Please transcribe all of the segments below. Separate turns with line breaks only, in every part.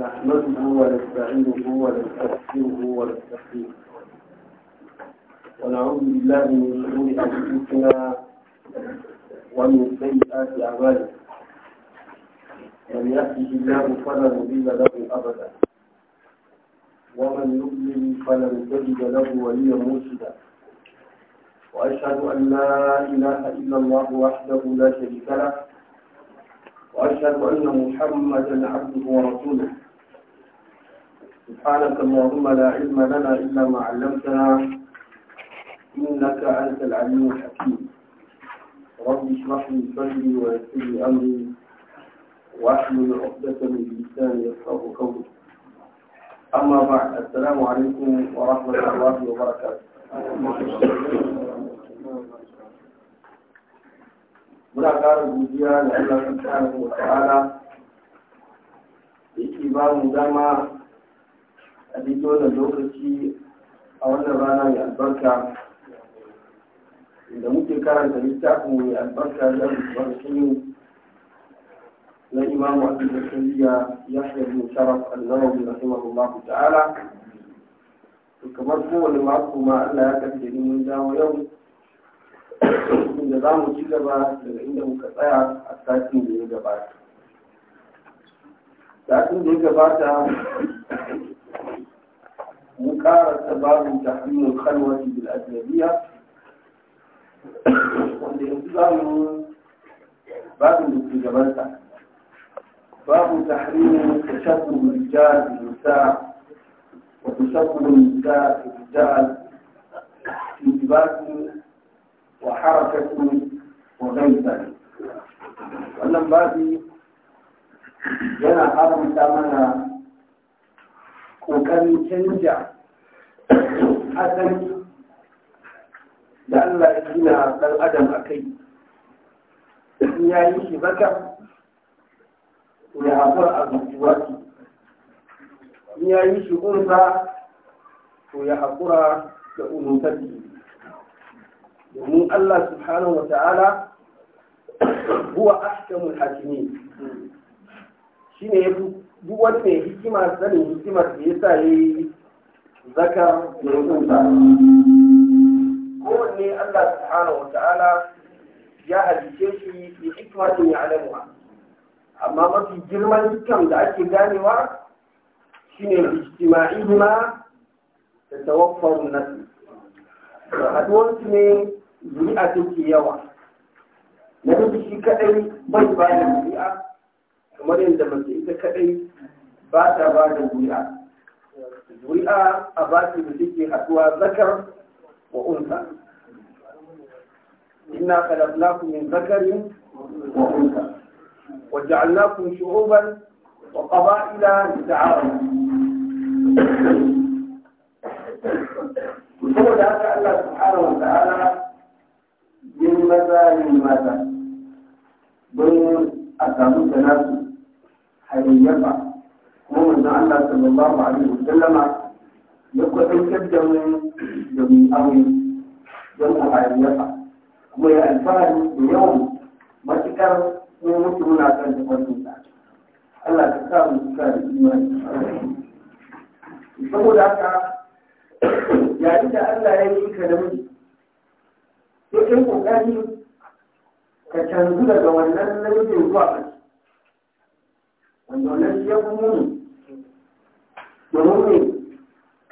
نحمده ونستعينه ونستغفره ونستغفره ونعوذ بالله من شرور انفسنا ومن سيئات اعمالنا من يهده الله فلا مضل له ابدا ومن يضلل فلن تجد له وليا مرشدا واشهد ان لا اله الا الله وحده لا شريك له واشهد ان محمدا عبده ورسوله سبحانك اللهم لا علم لنا إلا ما علمتنا إنك أنت العليم الحكيم رب اشرح لي صدري ويسر لي أمري واحلل عقدة من لساني يفقهوا قولي أما بعد السلام عليكم ورحمة الله وبركاته muna ƙara godiya da Allah subhanahu wa ta'ala yake ba a duk wannan lokaci a wannan rana mai albarka da muke karanta littafin mai albarka da barkin na imamu abu da shari'a ya shaɗu sharaf annawawi rahimahullahu ta'ala kamar kowane mako ma Allah ya kaddari mun dawo yau inda za mu ci gaba daga inda muka tsaya a satin da ya gabata satin da ya gabata انكار استباب تحريم الخلوة بالأجنبية والانتظام باب الانتجابات باب تحريم تشبه الرجال بالنساء وتشبه النساء بالرجال في انتباه وحركة وغير ذلك ولم بعد جنى حرم ثمنا وكان يتنجح asali da Allah ya gina ɗan adam a kai in ya yi shi baka ya haƙura a zuciwarki in ya yi shi unsa to ya haƙura da unutarki domin Allah subhanahu wa ta'ala huwa ahkamul hakimi shine yafi duk wani mai hikima sanin hikimar da yasa yayi zakar da kowanne Allah subhanahu wa ta'ala ya halice shi bi hikmatin ya alamuwa amma mafi girman dukkan da ake ganewa shine ma da tawaffarun nasi haduwarsu ne zuri'a take yawa na duk shi kadai bai ba da zuri'a kamar yadda mace ita kaɗai ba ta ba da zuri'a zuri'a a ba da take haɗuwa zakar wa unsa inna khalaqnakum min zakarin wa unsa وجعلناكم شعوبا وقبائل لتعارفوا saboda haka Allah subhanahu wa ta'ala yin maza yin mata don a samu da nasu hayayyafa na wannan Allah sallallahu alaihi wa sallama ya kwatantar da mu da mu aure don a rayuwarsa kuma ya alfahari da yawan matuƙar mun mutu muna kan tafarkin sa Allah ta sa mu cika da imani saboda haka yayin da Allah ya yi ka namiji sai kai kokari ka canzu daga wannan namijin zuwa wanda wannan shi ya fi domin ne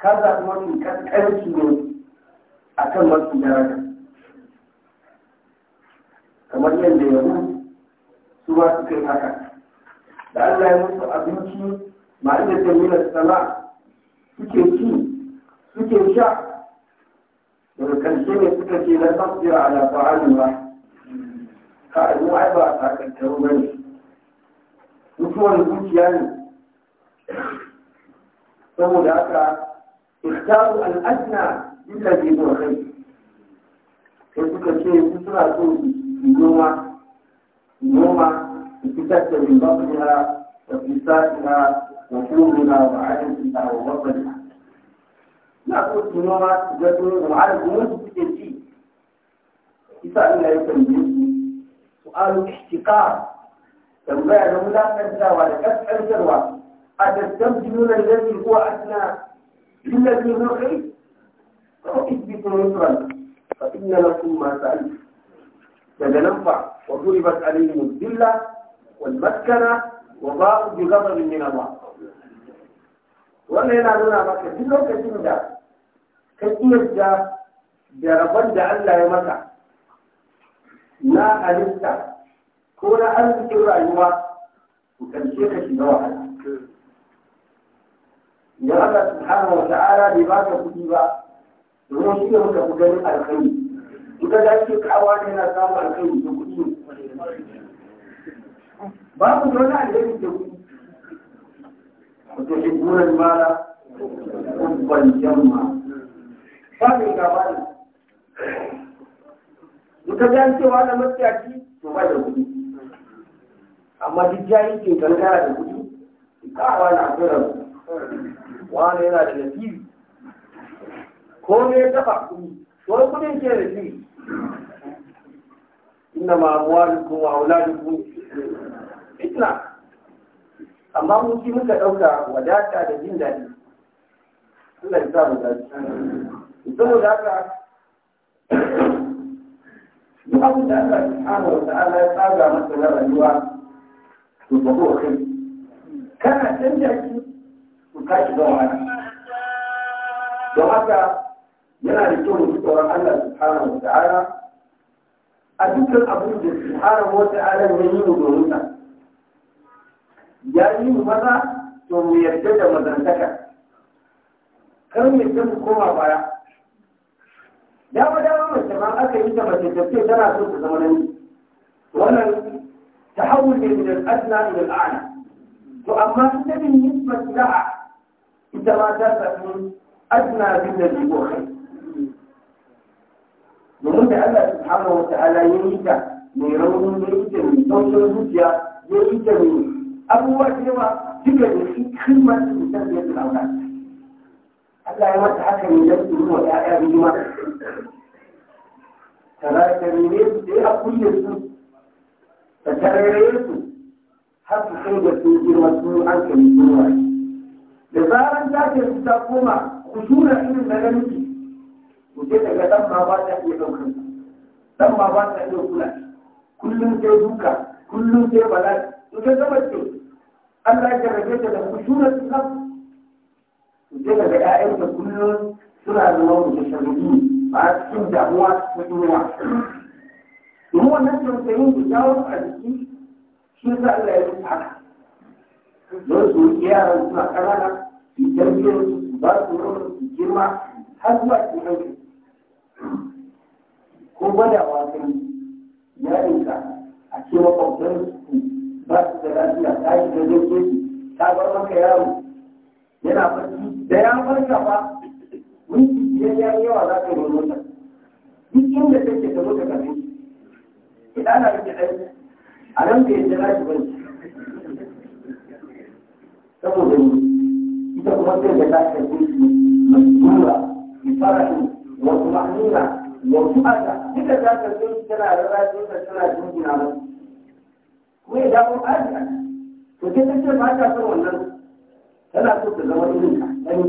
ka zaɓi mafi ƙasƙanci ne a kan mafi daraja kamar yadda ya yahu su ba su kai haka da Allah ya musu abinci ma'aikatan jami'ar sana suke ci suke sha daga karshe ne suka ce na tafsira a lafarin ba ka a yi ba a takantaru ba ne mutuwar zuciya ne فهناك اختاروا الأدنى للذي هو خير كيف كثير تسرى تقول نوما نوما تكتب من بطنها وفساتها وفومنا وعجزها وبطنها نقول نوما تجدون وعلى جنود تكتب كتاب لا يتمنى سؤال احتقار تنبع لهم لا تنسى ولا كسح الجروات أتستمتلون الذي هو أدنى إلا في روحي أو إثبتوا نصرا فإن لكم ما سألت فلننفع وضربت عليهم الذلة والمسكنة وضاعوا بغضب من الله والله لا دون أبا كثير لو كثير جاء كثير جاء يا رب جاء الله يمتع لا أنسى كون أنسى الرأيوات وكان شيخة نوعا idan Allah subhanahu wa ta'ala bai ba kuɗi ba domin shi ne muka fi ganin alkhairi duka da ake kawa ne na samun alkhairi da kuɗi ba ku wani alkhairi da kuɗi mutum shi buran mara kubban jamma ba mai gaba ne duka da cewa da matsiyaci to ba da kuɗi amma duk jayi kankara da kuɗi kawa na kuɗi wani yana da nasiri ko me ya taɓa kuɗi wani kuɗin ke da shi inna ma amwalukum wa auladukum fitna amma mun ci muka ɗauka wadata da jin daɗi Allah ya sa mu dace saboda haka duk abin da Allah subhanahu wa ta'ala ya tsaga masa na rayuwa to ba ko kai kana canja shi su kashi wani don haka yana da kyau mu tsoron Allah subhanahu wa ta'ala a dukkan abin da subhanahu wa ta'ala ya yi mu domin sa ya yi mu maza to mu yarda da mazantaka kar mu yarda mu koma baya ya ba dama mace ma aka yi ta mace ta ce tana so ta zama nan. wannan tahawul ne min al-adna ila al-a'la to amma ta bin nisbat la'a ita ma ta samu ajina abin da zai kai domin da Allah subhanahu wa ta'ala ya yi ta mai raunin da ita mai saukin zuciya ya yi ta mai abubuwa da yawa duka da shi kalmar da mutum ya tsauna Allah ya mata haka ne don su yi wa ma. Ta tara ne su da ya kulle su da tarare su har su kai da su girma su an ruwa shi da zaran ta ce ta koma ku shura irin na namiji ku je daga dan ma ba ta iya ɗaukar dan ma ba ta iya kula kullum sai duka kullum sai bala In ta zama ce Allah ya rage ta da kushura ta ku je daga ƴaƴan ta kullum suna zama mutashabbihi ba a cikin damuwa ko duniya mu wannan tausayin ku jawo a jiki shi sa Allah ya yi haka don su yaran suna ƙanana su tarbiyyar su ba su nono su girma har ko gwadawa kai a ce makwabtan su ba su da lafiya ta da gaske su ta bar maka yana ba minti biyar ya yawa yi nono duk inda take ta da ki ɗan a nan ka saboda ni ita kuma sai da ta shafe shi masura ifarahin wa tumanina wa tu'ada duka za ta zo tana rarrafe ta tana jingina ba kuma ya dawo ajiya to sai ta ce ba ta son wannan tana so ta zama irin ka dani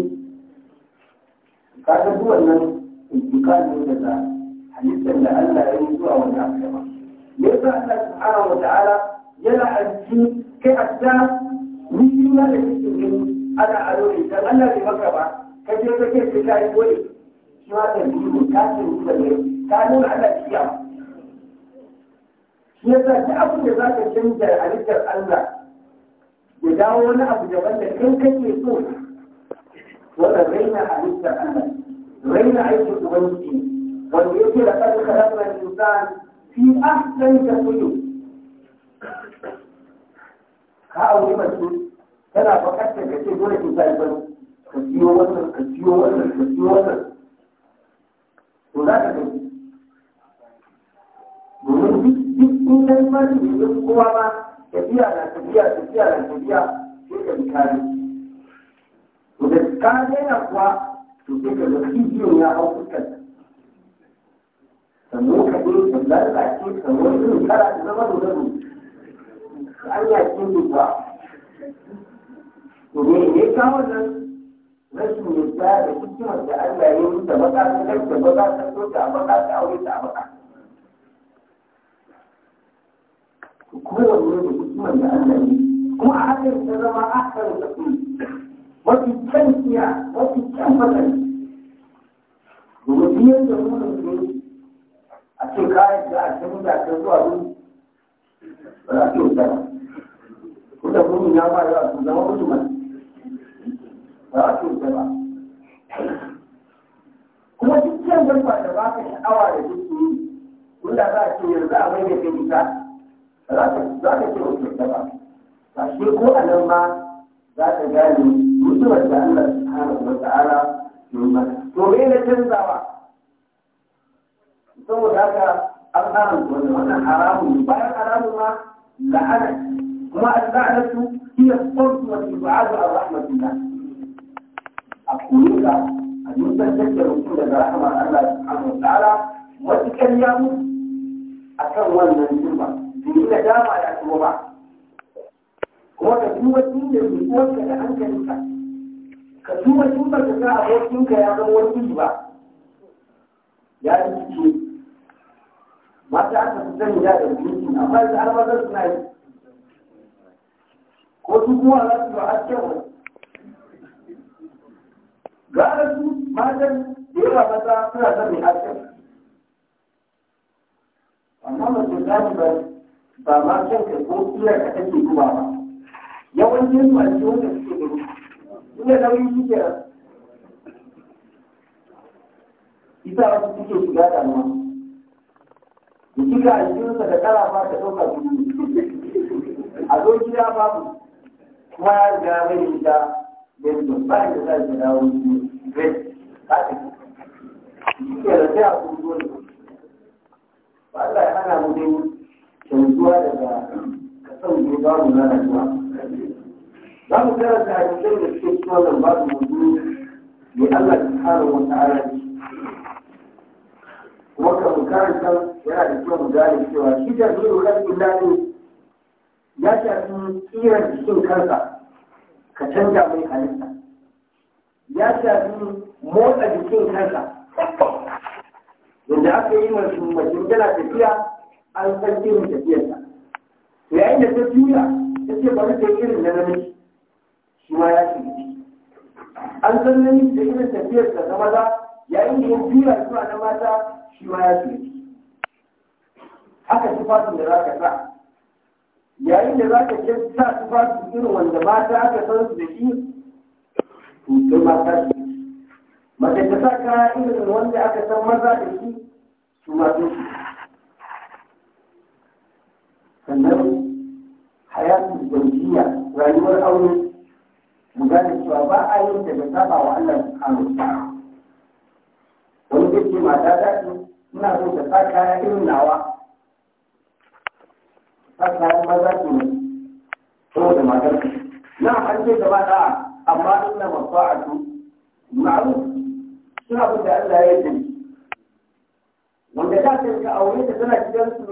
ka ga duk wannan intikalin da za halittar da Allah ya yi zuwa wani abu daban yasa Allah subhanahu wa ta'ala yana ajiye kai a ni yi ma da cikin gini ana aro ne dan Allah bai maka ba ka je ka kai ka yi dole shi ma da biyu ka ce ni da mai ka nuna Allah kiya shi yasa duk abin da za ka canja halittar Allah ya dawo wani abu daban da kai kake so wannan raina halittar Allah raina aikin ubangiji wanda yake da kan kalaman insan fi ahsani taqwim ka aure mace tana bukatar ka ce dole ki sai bari ka siyo wannan ka siyo wannan ka siyo wannan to za ka gani domin duk duk in kai ma ne da kowa ma tafiya na tafiya tafiya na tafiya sai ka bi kare to da ka daina kuwa to sai ka ga kijiyo ya hau fuskar sannan ka ɗin ka lalace sannan irin kara ta zama da zama Allah ya ji ne rashin yadda da hikimar da Allah da ta da da da da a da a da a da zuwa ko da gudu ya ba yawa su zama gudu mai ba a ce ba kuma duk kyan dabba da ba ka sha'awa da duk yi wanda za a ce yanzu a mai da kai ita za ka ce wata dabba ba shi ko a nan ba za ka gane mutuwar da Allah subhanahu wa ta'ala ya yi mata to me ne canzawa saboda haka an haramta wannan haramun bayan haramun ma la'ana ما أتبعته هي الصمت والإبعاد عن رحمة الله أقول لك أن يتذكر كل رحمة الله سبحانه وتعالى وتكلموا أكون من الجمعة دين دامة يا كبرى وكتوبة دين من لك أنت لك كتوبة توبة تسعى وقتك يا أول إجبار يا rikice ما تعرف fi sani da أما إذا أنا da almazar Ko kuma za su ba a cewa ga su matan da yawa suna son mai hasken amma mace ta ba ba ma kyan ka ko tsira ka take zuwa ba yawancin su a cikin wanda suke gudu inda nauyi shi ke isa wasu suke shiga damuwa da kika a cikin sa da kara ba ta ɗauka a zo gida babu ta ga mai da yanzu ba da za ta dawo bai ba ta ke da sai a kuma ba Allah ya hana mu dai canzuwa daga kasan ne ba mu lalacewa za mu karanta hadisai da suke cikin ba babu mutu ne Allah subhanahu wa ta'ala kuma kan karanta yana da kyau mu gane cewa shi da zuwa kan ne. ya shafi tsirar jikin kansa ka canza mai halitta ya shafi motsa jikin kansa wanda aka yi mai mutum tana tafiya an san irin tafiyarsa to yayin da ta juya ta ce bari ta irin na namiji shi ma ya shiga ciki an san namiji da irin tafiyarsa na maza yayin da ya juya zuwa na mata shi ma ya shiga ciki haka fasin da za ka sa yayin da za ka ke sa su irin wanda ba ta aka san su da shi to sai mata shi mace ta sa kaya irin wanda aka san maza da shi su ma su sannan hayatu zaujiya rayuwar aure mu gane cewa ba a yin da ba saba wa Allah kano wa wani zai ce mata ta ce ina so ta sa kaya irin nawa har kayan maza ke ne saboda matar na an ce gaba da amma inna mafa'atu ma'ruf Suna abin da Allah ya yi wanda ta ce ka aure ta tana gidan su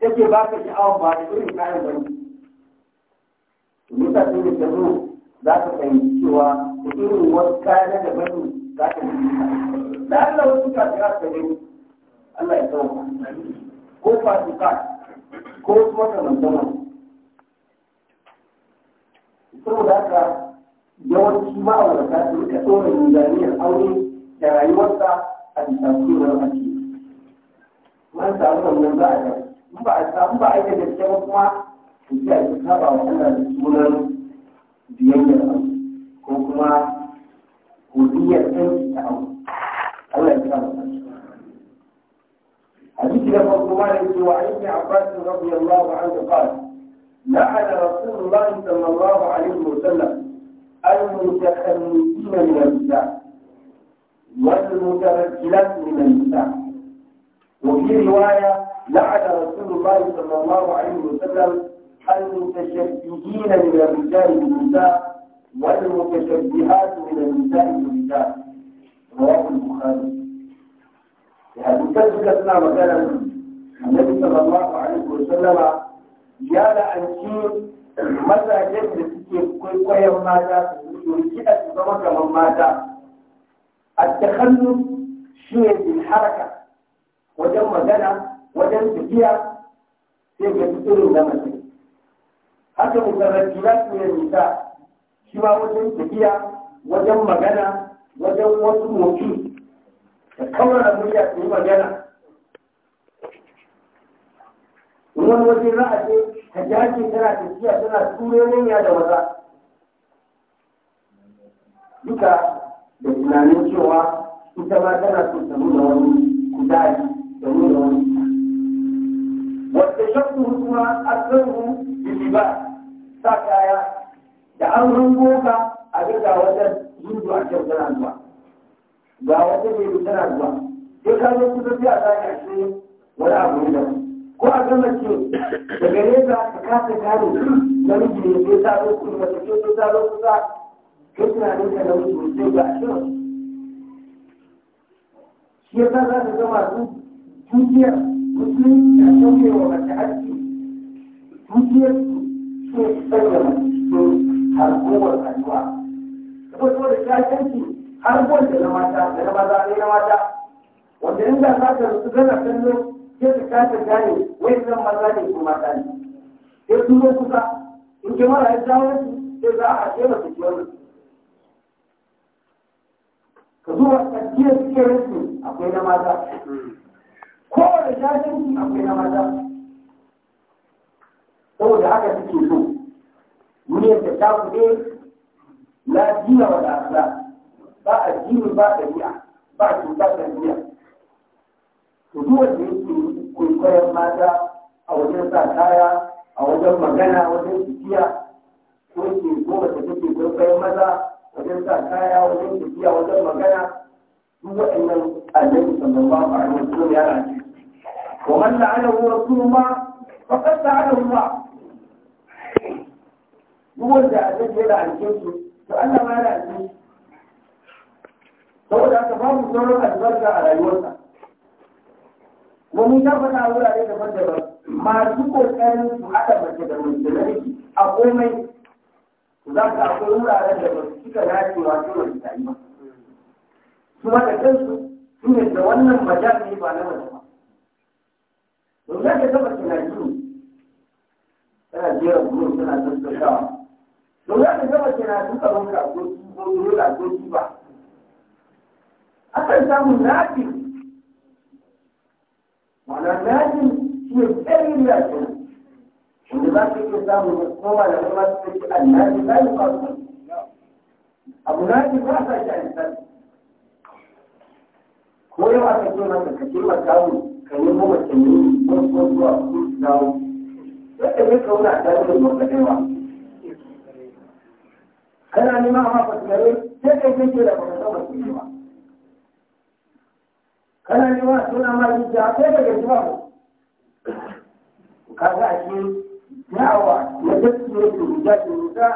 take baka sha'awa ba da irin kayan bane mutum da ta zo za ka fahimci cewa da irin wasu kaya na daban ne za ka yi da Allah wasu kafira ta gani Allah ya sauka ko fasika ko wasu makamantan saboda haka yawanci ma'aurata su rika tsoron mizaniyar aure da rayuwarsa a bisa sunan ake man samu wannan za a ga in ba a samu ba a yi da gaske ba kuma to sai a yi saba wa Allah da sunan biyayyar aure ko kuma hudiyar ɗan ta aure Allah ya kama حديث لفظ مالك وعن ابن عباس رضي الله عنه قال لعن رسول الله صلى الله عليه وسلم المتخنثين من النساء والمترجلات من النساء وفي رواية لعن رسول الله صلى الله عليه وسلم المتشبهين من الرجال بالنساء والمتشبهات من النساء بالرجال رواه البخاري hadisan suka suna magana annabi sallallahu alaihi wa sallama an ci mazajen da suke kwaikwayon mata su yi kiɗa su zama kamar mata a takallu shi ne bin haraka wajen magana wajen tafiya sai ga tsirin da mace haka musarrafi na su yin nisa shi ma wajen tafiya wajen magana wajen wasu motsi da wani wajen za a ce ta tana tafiya tana turenin ya da maza duka da tunanin cewa ita ma tana so ta nuna wani kudari da nuna wani wata shakku hukuma a tsarku da liba sa kaya da an rungo ka a duka wajen zuwa a kyau tana zuwa ga wata mai yi tana zuwa sai ka zo kusa sai a zaki shi wani abu ne daban ko a ga mace da gare ta ka kasa kare namiji ne sai ta zo kusa mace ke sai ta zo kusa kai tunanin ka namiji ne sai ga shirin shi ya sa za ka zama su dukiyar musulunci a sauke wa mace haƙƙi dukiyar su ne sanya mace cikin harkowar rayuwa. Kuma saboda shakanci abubuwan da na mata da na maza ne na mata wanda in da za ta su gana kallo sai ta kasa gane wai zan maza ne ko mata ne sai su zo kusa in ke mara ya jawo su sai za a ce masu ciwon su ka zuwa tsakiyar suke rasu akwai na mata kowane shashanci akwai na mata saboda haka suke so duniyar da ta kuɗe lafiya wa da ba addini ba ɗabi'a ba cuta ɗabi'a to duk wanda yake kwaikwayon mata a wajen sa kaya a wajen magana a wajen tafiya ko ke ko wata take kwaikwayon maza wajen sa kaya wajen tafiya wajen magana duk waɗannan annabi sallallahu alaihi wasallam ya race wa man la'anahu rasulullah faqad la'anahu Allah duk wanda annabi ya race shi to Allah ma ya race shi saboda aka babu sauran albarka a rayuwarsa kuma mun ta faɗa a wurare daban-daban masu ƙoƙarin su haɗa mace da mace na a komai za ka akwai wuraren da ba su cika dacewa su mace ta yi ba su ma da kansu su ne da wannan majal ne ba na mace ba domin za ka taɓa tunani tana jera kuma tana tattaunawa domin za ka taɓa tunani tsaron ka ko ko dole ko ba akan samu nafi ma'ana nafi shi ne tsarin lafiya wanda za ka iya samu da kowa da kuma su ce annabi ba ya faru abu nafi ba sa shi a ko yau aka ce maka ka ce maka mu ka nemo mace ne ko ko zuwa ko dawo yadda ne ka wuna a tare da ka kana neman a mafa kana nema suna ma zuciya sai daga zuwa kaga a cikin dawa na gaskiyar rubuta da rubuta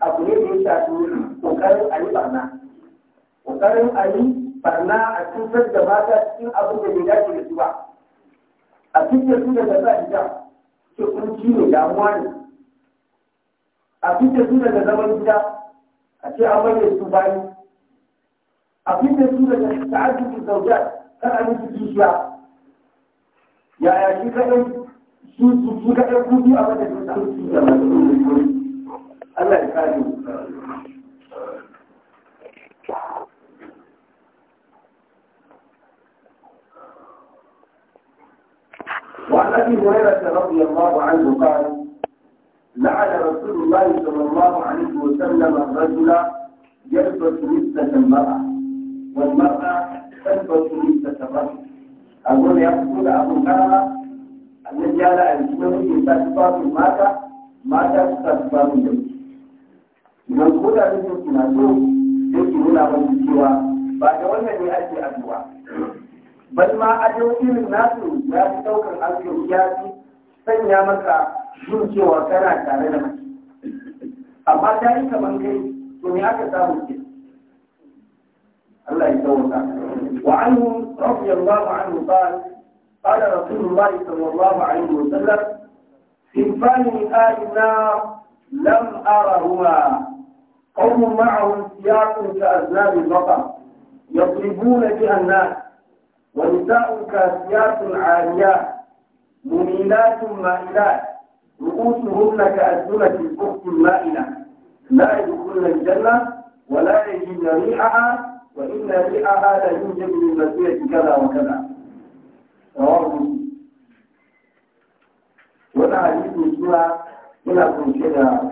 abu ne da ya shafi kokarin a yi barna kokarin a yi barna a cutar da mata cikin abin da bai dace da su ba a fitar su daga sa hijab ce kunci ne damuwa ne a fitar su daga zaman gida a ce an bayyana su bayi a fitar su daga ta'addudu zaujat وعن ابي هريره رضي الله عنه قال لعل رسول الله صلى الله عليه وسلم الرجل يلبس مثل المراه والمراه tabbatu da tabbatu a gona ya fito da abun karama Allah ya da aiki na muke sa tufafin mata mata su sa tufafin da idan ko da mutum suna so zai ki nuna musu cewa ba da wannan ne ake addu'a bal ma ado irin nasu ya fi ɗaukar hankali ya fi sanya maka jin cewa kana tare da mace amma ta yi kamar kai to me aka samu ke Allah ya tsawata وعنه رضي الله عنه قال قال رسول الله صلى الله عليه وسلم صنفان من آل النار لم أرهما قوم معهم سياق كأزلاب البقر يضربون بها الناس ونساء كاسيات عاريات مميلات مائلات رؤوسهن كأسنة الأخت المائلة لا يدخلن الجنة ولا يجدن ريحها وإن في هذا يوجد من مسيرة كذا وكذا رواه ولا حديث سوى ولا كنشدة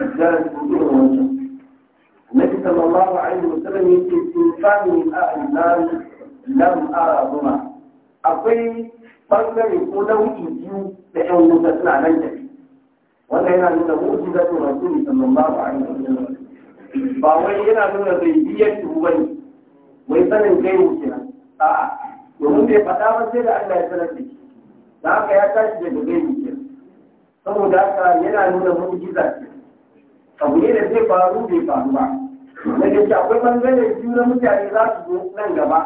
رجال كثير وجه النبي صلى الله عليه وسلم يقول إنسان من أهل النار لم أرهما akwai ɓangare ko nau'i biyu da ƴan wuta suna nan da wannan yana nuna mu'jizatul rasuli sallallahu alaihi wasallam ba wai yana nuna bai biya shi ba ne mai sanin kai mu kenan a'a domin bai faɗa ba sai da Allah ya sanar da shi da haka ya tashi daga gai mu kenan saboda haka yana nuna mu'jiza ce abu ne da zai faru bai faru ba na shi akwai bangare biyu na mutane za su zo nan gaba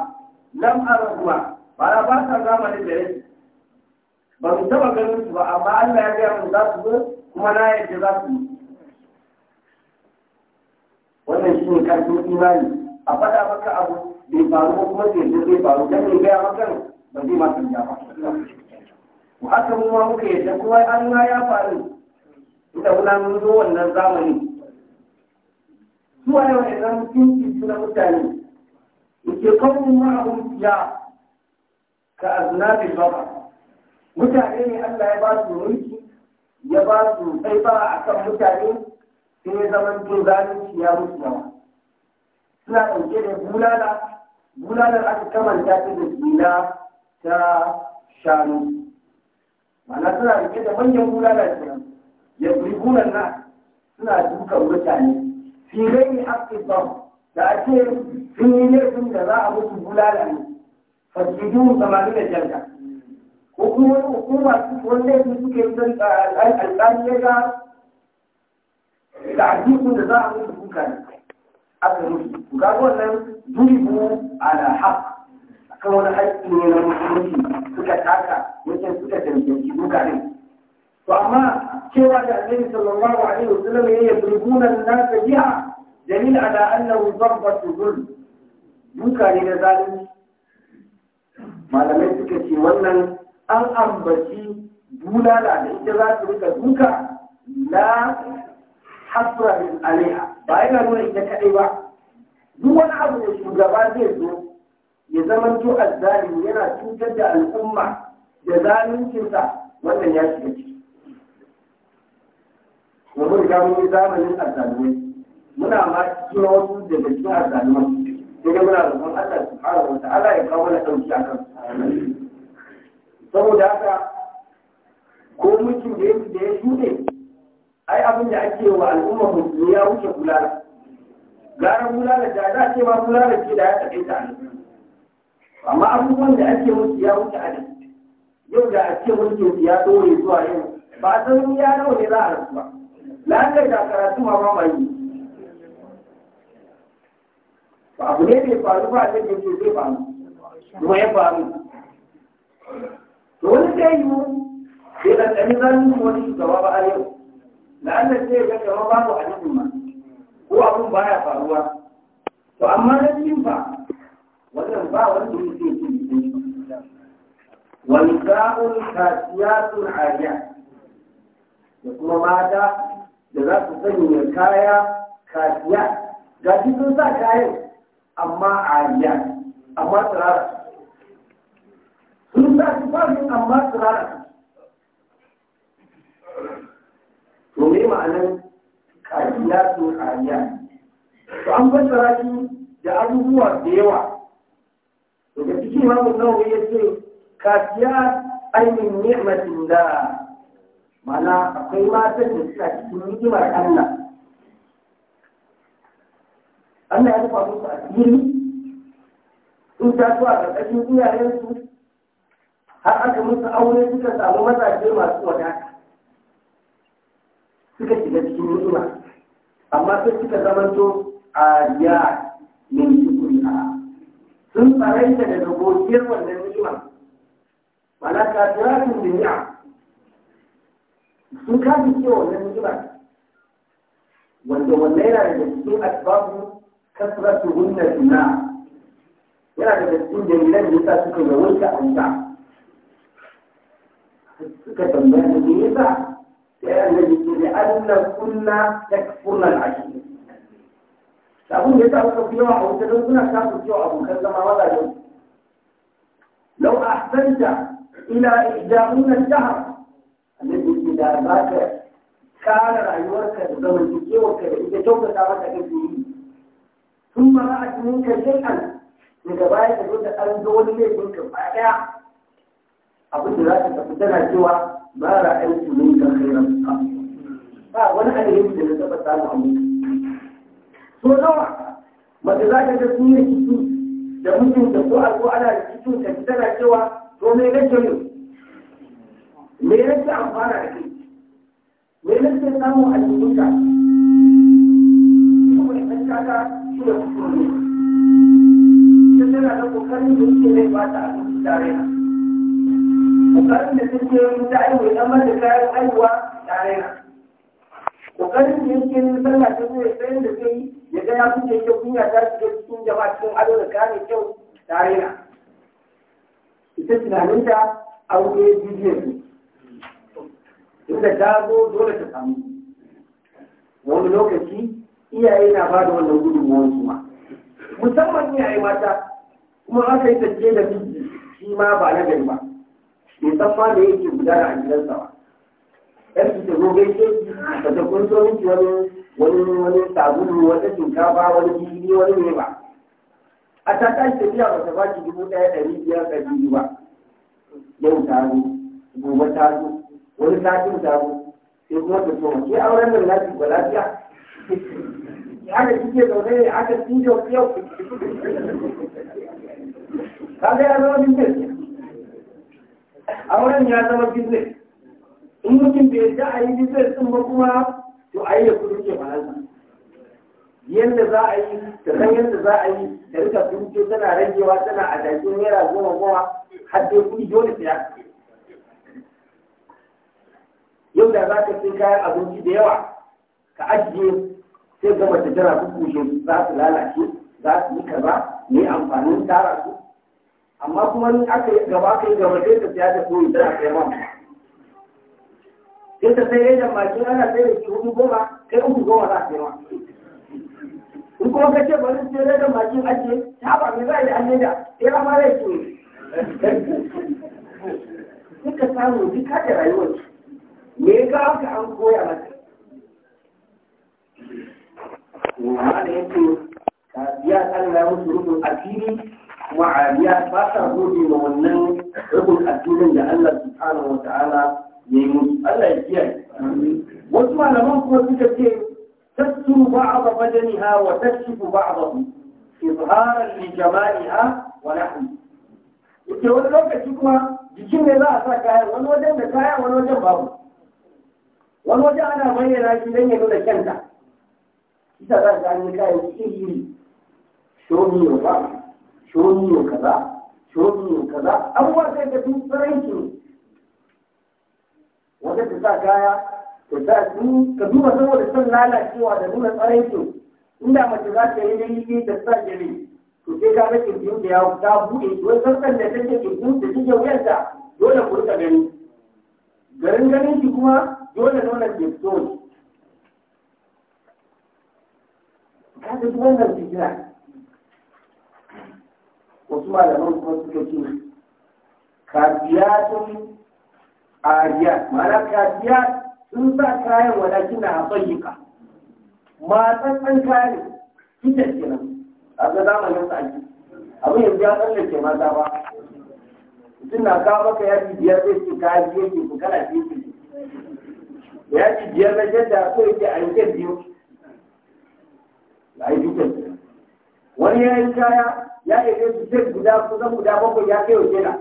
nan arabuwa ba na ba sa zamanin da yake ba mu taɓa ganin su ba amma Allah ya gaya mu za su zo kuma na yadda za su zo wannan shi ne kafin imani a faɗa maka abu bai faru ko kuma zai zo zai faru dan mai gaya maka ba zai ma san ba wa haka mu ma muka yadda kuma an ma ya faru inda muna mun zo wannan zamani su idan mutum kinki suna mutane yake kawo ma'ahun ya ka bil baba mutane ne Allah ya ba su mulki ya ba su sai ba akan mutane sai zaman to zalunci ya mutu yawa suna ɗauke da bulala bulalar aka kamanta ta da zina ta shanu ma'ana suna ɗauke da manyan bulala ke ya bulan na suna dukan mutane firai ne ba da ake sun yi laifin da za a mutu bulala ne fasidu samani da jarga ko kuma wani hukuma wani suke yi don alƙali ya ga da hadisin da za a musu duka ne aka musu to wannan duribu ala haq akan wani haƙƙi ne na musulunci suka taka wajen suka tantance duka ne to amma cewa da annabi sallallahu alaihi wasallam ya yadribuna an-nas biha dalil ala annahu darbatu zulm duka ne na zalunci malamai suka ce wannan an ambaci bulala da ita za su rika duka Na. hasran alaiha ba yana nuna ita kaɗai ba duk wani abu da shugaba zai zo ya zama to azzalimi yana cutar da al'umma da zaluncinsa wannan ya shiga ciki kuma riga mun yi zamanin azzalimai muna ma cikin wasu daga cikin azzalimai sai dai muna roƙon Allah subhanahu wa ta'ala ya kawo mana ɗauki a kan saboda haka ko mutum da ya shuɗe ai abin da ake wa al'ummar musulmi ya wuce bulala gara bulala da za a ce ma bulala ce da ya taɓe ta amma abubuwan da ake musu ya wuce a yau da ake mulkin ya dore zuwa yau ba a san ya nawa ne za a rasu ba lafiyar da karatu ma ba mai ba abu ne bai faru ba a cikin yake zai faru kuma ya faru to wani zai yi sai da tsanin zanen wani shugaba ba a yau la'allar sai ga kamar babu abin ma ko abin baya faruwa to amma na cikin fa wannan ba wani da yake cikin wal ka'ul sun ariya da kuma mata da za su sanya kaya kasiya ga sun sa kayan amma ariya amma tsirara sun sa su amma tsirara domin ma'anar kariya su kariya to an fassara shi da abubuwa da yawa to da cikin imamu nawa ya ce kafiya ainihin ni'matin da mana akwai matan da suka cikin ni'imar Allah Allah ya rufa musu asiri sun taso a ƙarƙashin iyayensu har aka musu aure suka samu mazaje masu wadata suka shiga cikin ni'ima amma sai suka zamanto a ya min shukuri a sun tsaraita daga godiyar wannan ni'ima mana kafiratun duniya sun kafi ke wannan ni'ima wanda wannan yana daga cikin asbabu kasratu hunna suna? yana daga cikin dalilan da sa suka yawaita an ta suka tambaya da me yasa لأن كنا تكفرنا العشير فأقول لك أبو كيوع أو تدرسنا كان كيوع أبو كلما ولا يوم لو أحسنت إلى إحداهن الشهر الذي إذا مات كان رأيورك زمن تكيوك جوك تعمل تكفيه ثم رأت منك شيئا من كبائك تقول منك فأكا أقول لك أبو تدرسنا ma ra'aytu minka khairan ba wani alheri da na taba samu a mutum so nawa mace za ka ga sun yi kitu da mutunta ko a zo da kitu ta tana cewa to me nake yi me nake amfana da kai me nake samu a cikin ka kuma idan ka ga shi da kuskure ne ta tana da kokarin da yake zai ba a cikin tare na kokarin da suke yi ta aiwa ya mata kayan aiwa tare na kokarin da yake yi sallah ta zai tsayin da kai ya ga ya kuke kyau kunya ta shiga cikin jama'a cikin ado da kare kyau tare na ita tunaninta aure bidiyar ne inda ta zo dole ta samu wani lokaci iyaye na ba da wannan gudunmuwan su ma musamman iyaye mata kuma aka yi tafiye da miji shi ma ba na gari ba bai san ma da yake gudana a gidansa ba yan su zo gaishe ka ta kun zo miki wani wani wani sabulu wata shinkafa wani jini wani ne ba a ta tashi tafiya ba ta ba ki dubu ɗaya ɗari biyar ka biyu ba yau ta zo gobe ta zo wani satin ta zo sai kuma ta so ke auren nan lafi ba lafiya haka kike zaune ne aka tijo yau kaga ya zama min gaskiya auren ya zama business in mutum bai yadda a yi business sun ba kuma to a yi ya kudu ke faransa yadda za a yi da san yadda za a yi da rika kudu tana ragewa tana a dakin naira goma goma har dai kuɗi dole siya yau da za ka sai kayan abinci da yawa ka ajiye sai gama ta tana kukushe za su lalace za su yi kaza mai amfanin tara su amma kuma n'i aka gaba aka yi gaba ta siya ta koyi tana kai man sai ta sai yadda maki ana sai da ki hudu goma kai uku goma za in kuma ka bari sai maki ake ta ba an samu duka da rayuwar me ka aka an koya ya tsalla musu ma'aliya ba ta gode wa wannan rabin addinin da Allah subhanahu wa ta'ala ya yi musu Allah ya kiyaye wasu malaman kuma suka ce تستر بعض بدنها وتكشف بعضه إظهارا لجمالها ونحوه yake wani lokaci kuma jikin ne za a sa kayan wani wajen da kaya wani wajen babu wani wajen ana bayyana shi don ya nuna kyanta ita za ta yi kayan iri show me your shonin kaza shonin kaza abubuwa sai ka tun tsiranki wanda ta sa kaya ta sa su ka duba saboda son lalacewa da nuna tsiranki inda mace za ta yi daidai ta sa jiri to sai ka ga kirjin da ya ta buɗe to sassan da take kirjin da take wuyarta dole ku rika gani garin ganin ki kuma dole nuna ke fito ne ka ga duk wannan fitina wasu malaman kuma suka ce kafiyatun ariya ma'ana kafiya sun sa kayan wadakin na hafayyuka matsatsan kayan fitar kenan a ga zamanin sa ake abin yanzu ya tsallake mata ba mutum na kawo maka yaji biyar zai ce kayan biyu ke bukala biyu ke yaji biyar na jadda so yake a yankin biyu a yi biyu wani ya yi kaya ya yabe su sai guda kusan guda bakwai ya kai waje na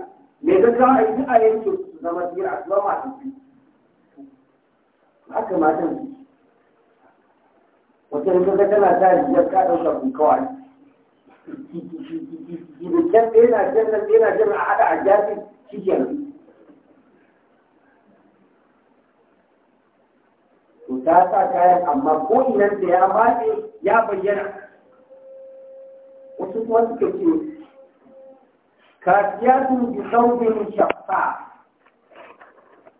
me gaggawa a yi a yanke su zama sira a zama masu haka matan wata yanzu ka tana ta ya ka ɗauka kun kawai da can ɗaya na can nan ɗaya na can a haɗa a jafi shi kenan to ta sa kayan amma ko inanta ya matse ya bayyana kuma suka ce kafiyatun bi sauƙin shafa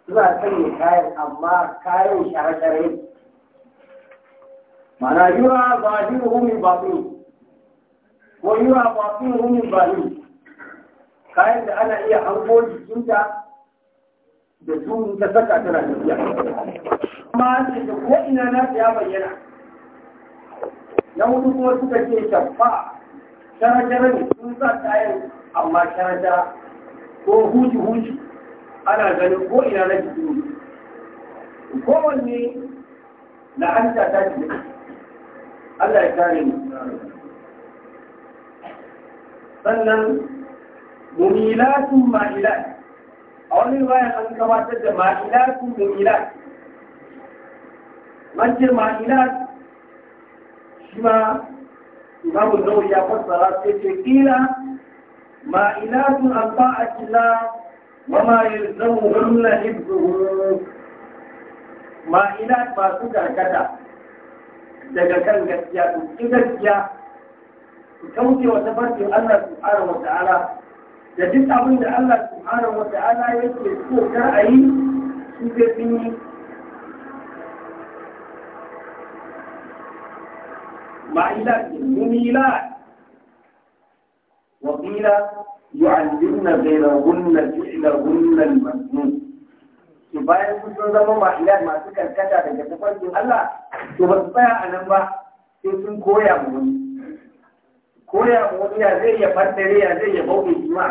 suna sanya kayan amma kayan share-share mana yura zahir ba su ko yura babu ba su kayan da ana iya hango jikinta da su ta saka tana tafiya amma ce da ko ina na ya bayyana na hudu kuma suka ce shafa shara-shara ne sun sa kayan amma shara-shara ko huji-huji ana ganin ko ina na jiki ne kowanne na hanta ta ce Allah ya kare ni sannan mumilatun ma'ilat a wani bayan an gabatar da ma'ilatun mumilat mace ma'ilat shi ma إمام النووي فسر قيل مائلات عن طاعة الله وما يلزمهن حفظه مائلات ما تدركتا daga kan gaskiya to ki gaskiya ku kauce wa tafarkin Allah subhanahu wata'ala da duk abin da Allah subhanahu ya yake so kar a yi su sun yi مائلات مميلات وقيل يعلمن غيرهن فعلهن المسنون to bayan su sun zama ma'ilat masu karkata daga tafarkin Allah to ba su tsaya a nan ba sai sun koya mu wani koya mu wani ya zai ya fantare ya zai iya bauɗe jima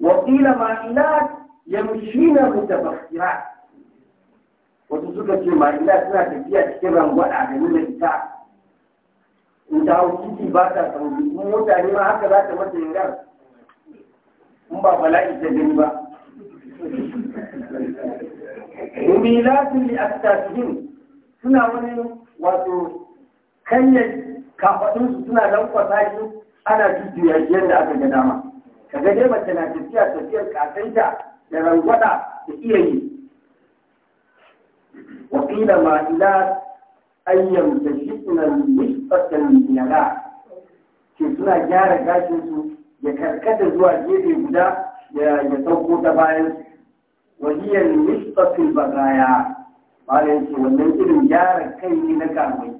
wa qila ma'ilat yamshina mutafakkira wasu suka ce ma ina suna tafiya cikin rangwada da nuna ita in ta hau titi ba ta sauri kuma mutane ma haka za ta mata gar in ba bala'i ta gani ba mumilatun li astafihim suna wani wato kanyar kafaɗunsu suna lankwasa shi ana ya shi yadda aka ga dama kaga dai mace na tafiya tafiyar kasanta da rangwada da iya yi وقيل ما إلى أن يمتشطن النسبة الميلا ke suna gyara gashinsu ya karkata zuwa gefe guda ya sauko ta bayan قال إنسي bagaya جارة كيني wannan irin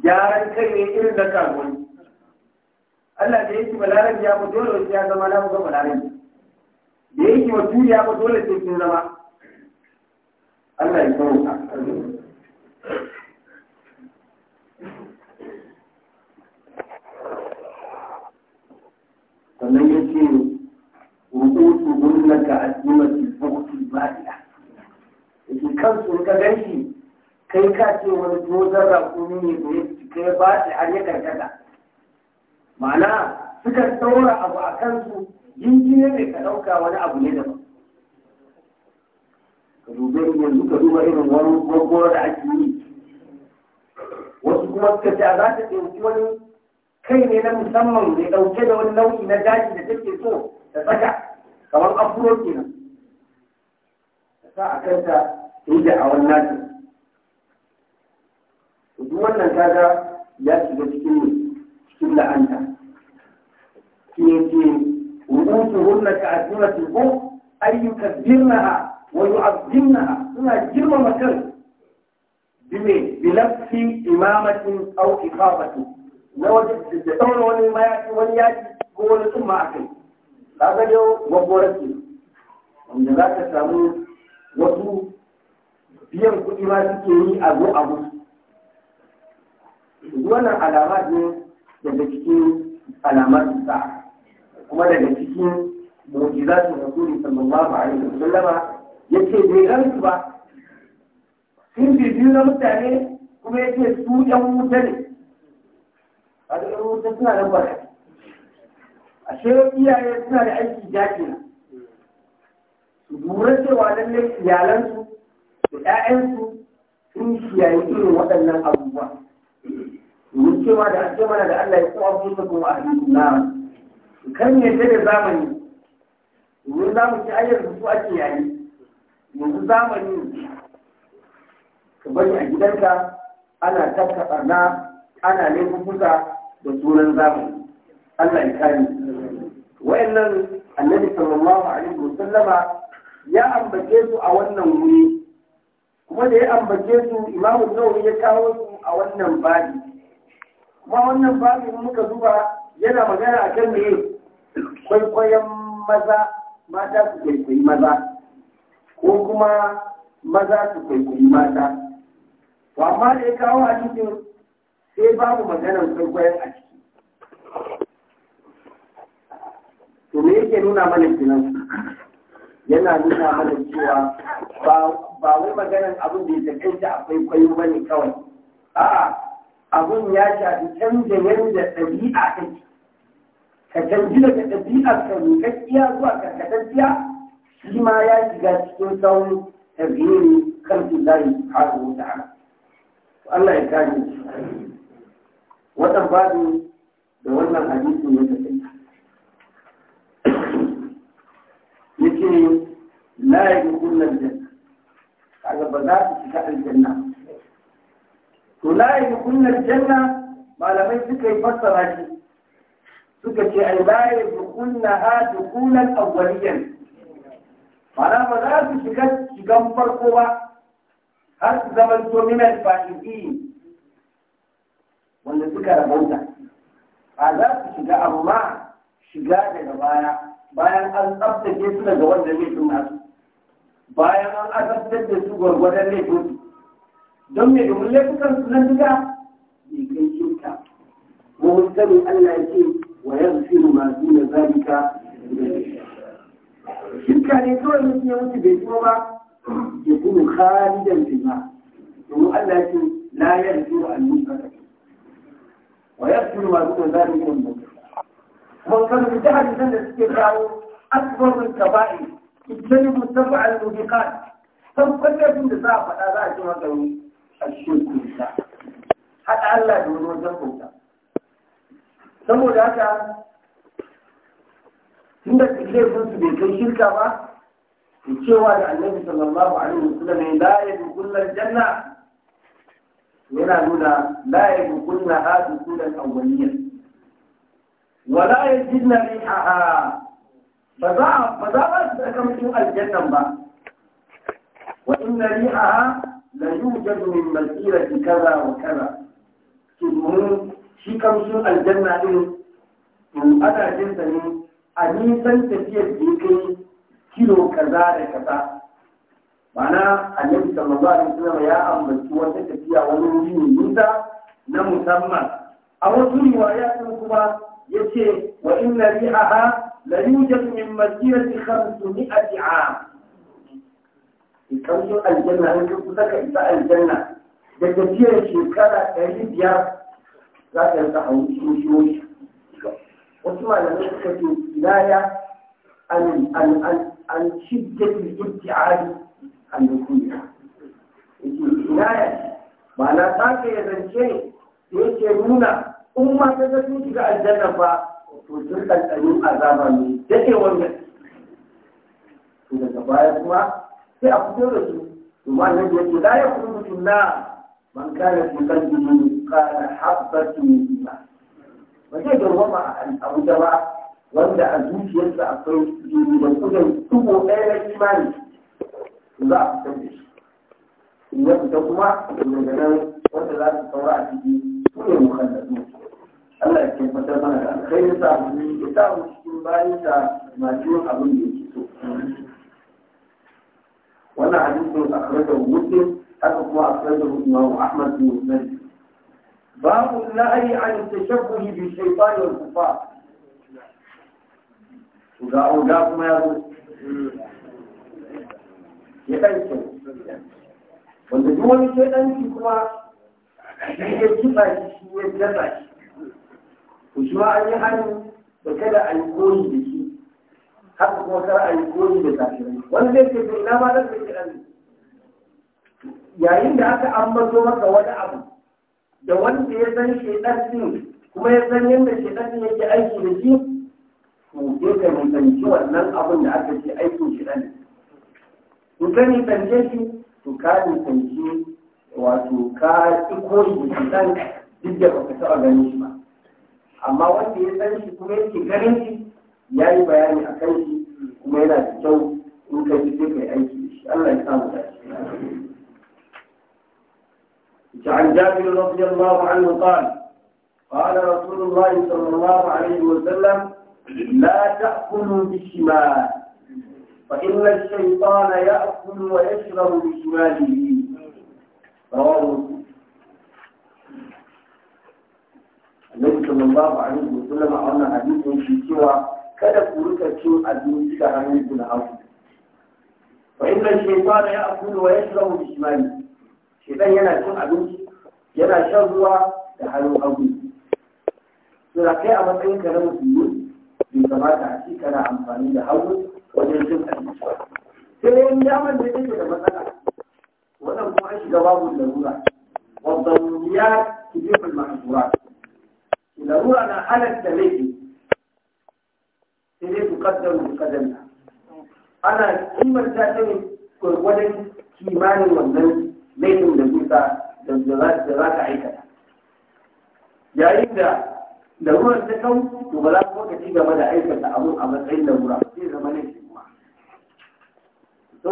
gyara kai ne Allah da yake balarabi ya fi dole ya zama na ga balarabi da yake wa duniya ba dole sai sun zama Allah ya kawo sannan ya ce rukutu gunna ka addimati bukti ba'ida yake kansu ka ganshi kai ka ce wani tozar rakumi ne da ya kai ba shi har ya karkata ma'ana suka saura abu a kansu jinjina ne ka ɗauka wani abu ne daban dube yanzu ka duba irin wani gwaggwaro da ake yi wasu kuma suka ce a za ta ɗauki wani kai ne na musamman mai ɗauke da wani nau'i na daji da take so da saka kamar afuro kenan da sa a kanta ta yi da a wannan duk wannan kaga ya shiga cikin cikin la'anta ke ke rubutu hunna ka asura tuhu ayyuka birnaha ويعظمنها سنة جرم مكان بلبس إمامة أو إخافة نوجد تتون ولي ما يأتي ثم أكل هذا جو وبورتي wanda za ka samu wasu biyan kuɗi ma suke yi a zo abu wannan alama ne daga cikin alamar sa kuma daga cikin mu'jizatun rasuli sallallahu alaihi wasallama ya ce bai gansu ba sun bibiyu na mutane kuma ya ce su ‘yan wuta ne a da ‘yan wuta suna nan ba ashe iyaye suna da aiki jakina su dura cewa lallai iyalansu da ‘ya'yansu sun kiyaye irin waɗannan abubuwa domin cewa da ake mana da Allah ya kuma da kuma a cikin na kan yadda da zamani domin za mu ci ayyar su ake yayi yanzu zamani ka bari a gidanka ana tafka barna ana laifuka da sunan zamani Allah ya kare wa'annan annabi sallallahu alaihi sallama ya ambace su a wannan wuri kuma da ya ambace su imamu nawawi ya kawo su a wannan babi kuma wannan babi muka zuba yana magana akan me kwaikwayon maza mata su kwaikwayi maza ko kuma maza su kwaikwayi mata to amma da ya kawo a cikin sai babu maganar kwaikwayon a ciki to me yake nuna mana kenan yana nuna mana cewa ba wai maganar abin da ya tafi a kwaikwayo ba ne kawai a'a abin ya shafi canza yadda ɗabi'a take ka canji daga ɗabi'a ka zuwa karkatacciya shi ma ya shiga cikin sauri ta tsawon tabirin su layi subhanahu wa ta'ala Allah ya kare shi wannan babu da wannan ne ta hadisin ya tafi yake yi yadkhulul janna kaga ba za su shiga aljanna to la yadkhulul janna malamai suka yi fassara shi suka ce ai la yadkhulna ha dukulan awwaliyan mana ba za su shiga shigan farko ba har su zama dominant fa'idi wanda suka rabauta a za su shiga amma shiga daga baya bayan an tsabtace su daga wanda sun nasu bayan an asabtar da su gwargwadon laifin su don me domin laifukan su na duka mai kai shirka ko wani Allah ya ce wa yanzu ma zabi zalika da ya shirka ne kawai mutum ya mutu bai tuba ba ya kuma khalidan fi ma domin Allah ya ce la yarju an yusaka wa yaqulu ma dukkan zalika min mutum kuma kan da hadisan da suke kawo akbar min kaba'i ittanibu sab'a al-mubiqat san kullum da za a faɗa za a ji maka ne a ta. Hada Allah da wani wajen bauta saboda haka Tunda da sun su bai kai shirka ba da cewa da annabi sallallahu alaihi wasallam ya la yadkhulul janna yana nuna la yadkhulul hadu da awwaliyya wa la yajidna rihaha ba za ba za ba su da kamshin aljannan ba wa inna rihaha la yujadu min masirati kaza wa kaza kin shi kamshin aljanna din to ana jin sa ne a nisan tafiyar da kai kilo kaza da kaza mana annabi sallallahu alaihi wasallam ya ambaci wata tafiya wani wuri mai nisa na musamman a wasu san kuma ce wa inna ri'aha la yujadu min masirati 500 am ikan su aljanna in ka kusa ka isa aljanna da tafiyar shekara 500 biyar za ka yi ta hau shi wasu malamai suka ce kinaya an an an an shiddatul ibti'ali a dukuya yake kinaya ba na sake ya zance ne da yake nuna in ma ta ga sun shiga aljanna ba to sun ɗanɗanin azaba ne daɗewar wannan. to daga baya kuma sai a fito da su to ma nan da yake la ya kuma mutum na man kana fi kalbi qala habbatin iman ba zai dawwama a abuja ba wanda a zuciyarsa akwai jini da kudin tubo ɗaya na imani za a fitar da shi idan fita kuma daga nan wanda za su saura a ciki su ne mukallatu Allah ya tabbatar mana da alkhairin sa ya sa mu cikin bayan sa masu yin abin da yake so wannan hadisin akhrajahu muslim haka kuma a akhrajahu imamu ahmad bin muslim باب النهي عن التشبه بالشيطان والكفار وذا أولاكم يا رب شيطانci wanda duk wani shaidanci kuma shi ya kiba shi ya gaza ku shi an yi hannu da kada a yi da shi haka kuma kar a yi da da yayin da aka ambato maka wani abu da wanda ya san shaidan din kuma ya san yadda shi din yake aiki da shi to ya ka zance wannan abin da aka ce aikin shi ɗan in ka zance shi to ka zance wato ka ki koyi da shi ɗan, duk da baka taɓa ganin shi ba amma wanda ya san shi kuma yake ganin shi ya yi bayani a kan shi kuma yana da kyau in ka ji sai aiki da shi Allah ya samu dace عن جابر رضي الله عنه قال قال رسول الله صلى الله عليه وسلم لا تأكلوا بالشمال فإن الشيطان يأكل ويشرب بشماله رواه النبي صلى الله عليه وسلم أن حديث في سوى كذا كلك rika cin abinci بن عوف ku الشيطان يأكل ويشرب inna shaytana ya'kulu wa yana shan ruwa da hannun hagu suna kai a matsayin ka na musulmi bai kamata a cika na amfani da hagu wajen cin abinci sai yin yawon da yake da matsala wannan kuma shi da babu da rura wadda ki ji fulma a rura da rura na halatta laifi sai dai su mu su kaddara ana kimanta ne wajen kimanin wannan laifin da zuta da za ka aikata yayin da larurar ta kau to ba za ku ka ci gaba da aikata abu a matsayin larura zai zama ne shi kuma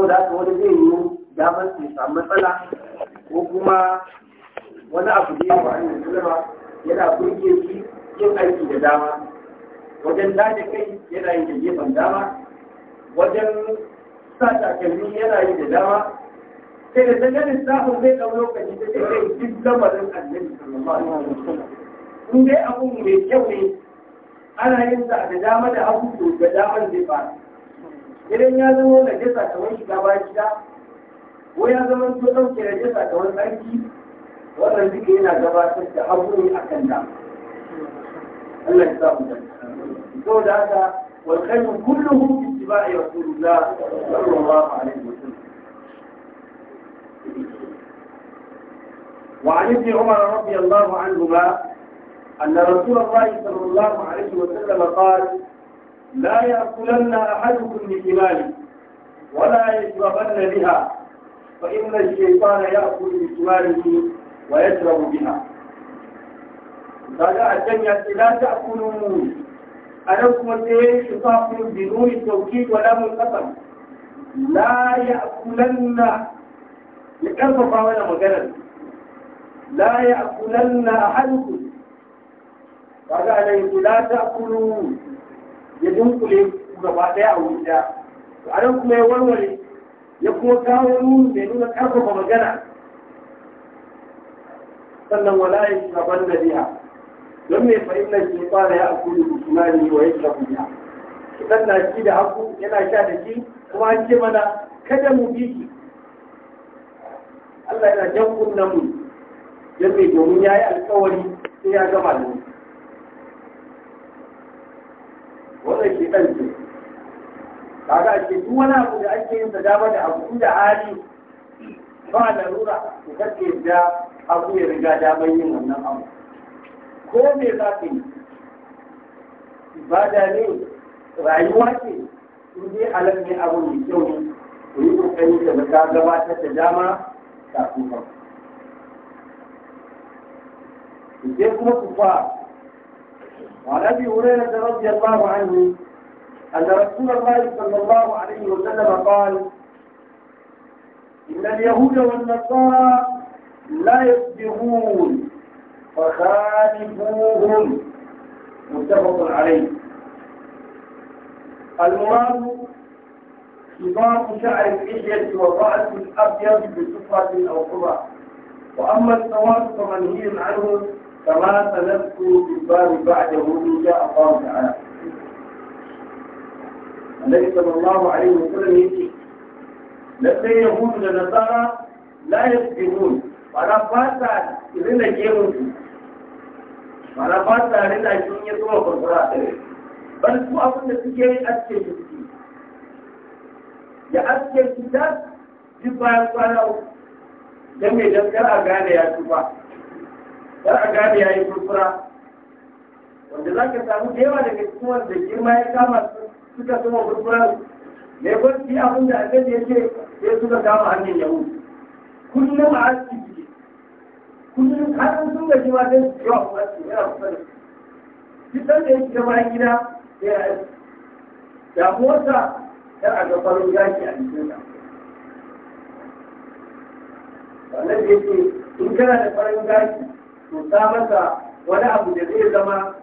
da haka wani zai yiwu damar su samu matsala ko kuma wani abu ne wa annabi sallama yana burge shi yin aiki da dama wajen dace kai yana yin da gefen dama wajen sa takalmi yana yi da dama sai da ta lissafin zai ɗau lokaci da ce kai duk lamarin annabi sallallahu alaihi wasallam in dai abu mai kyau ne ana yin sa da dama da hagu to da daman zai fara idan ya zama na jasa kamar shiga bayan gida ko ya zama to ɗauke da jasa wani tsarki wannan duka yana gabatar da abu ne a akan da Allah ya sa mu da saboda haka والخير كله باتباع رسول الله صلى الله عليه وعن ابن عمر رضي الله عنهما أن رسول الله صلى الله عليه وسلم قال لا يأكلن أحدكم بشماله
ولا يشربن
بها فإن الشيطان يأكل بشماله ويشرب بها قال الدنيا لا تأكلون أنكم الدين تطاقل بدون التوكيد ولا منقسم لا يأكلن لكن فقاونا مجرد la ya'kulanna ahadukum kaga anan yanzu la ta'kulu ya dunkule gaba daya a wuri Ba a nan kuma ya warware ya kuma kawo nuni mai nuna karfafa magana sannan wala ya shi gaban da biya don mai fahimtar ke fara ya akulu da tunani wa ya shafu biya kiɗan na shi da haku yana sha da shi kuma an ce mana kada mu bi Allah yana jan kunnen mu yadda domin ya yi alkawari sai ya gama da ni wannan shi ɗan ce a ce duk wani abu da ake yin sa da abu da hali ba larura ku kake da abu ya riga damar yin wannan abu ko me za ka yi ibada ne rayuwa ce in dai alam abu mai kyau ne ku yi kokari da ba gabatar da dama kafin farko ازاي كفار وعن ابي هريره رضي الله عنه ان رسول الله صلى الله عليه وسلم قال ان اليهود والنصارى لا يصدقون فخالفوهم متفق عليه المراد خضاب شعر الحجة وضعف الأبيض بصفرة أو قرى وأما الصواب فمنهي عنه كما سلفت في الباب بعده إن شاء الله تعالى النبي صلى الله عليه وسلم يقول لكن يهود النصارى لا يسبحون ولا فاتا إذن جيرون ولا فاتا لنا شون يتوى فرصرات بل سوى أبن تجي أتكي شكي يا أتكي شكي جبا يقول لهم يجب كلا أغاني يا شبا za a gane ya yi kurkura, wanda za ka samu da yawa daga cikin wanda girma ya kama suka suma kurkura mai gwaski abin da annabi ya ce sai suka kama hannun yahu kullum a aski suke kullum kasan sun gaji ma don su yawa kuma aski yana kusa da su duk ɗan da ya shiga bayan gida sai a aski damuwarsa ta a ga farin yaki a jikinsa annabi ya ce in kana da farin yaki to ta masa wani abu da zai zama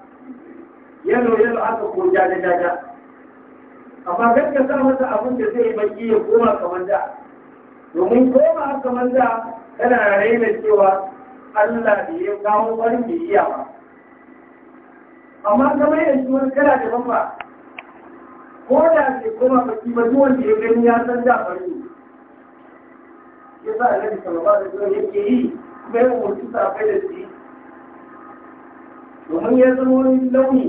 yalo yalo aka ko jaja jaja amma ka sa masa abin da zai baki ya koma kamar da domin koma kamar da kana raina cewa Allah da ya kawo wani mai iya ba amma kamar shi wani kana da bamba ko da ke koma baki ba duk wanda ya gani ya san da fari ya sa da sallallahu alaihi wasallam yake yi kuma wasu safai da su domin ya zama wani launi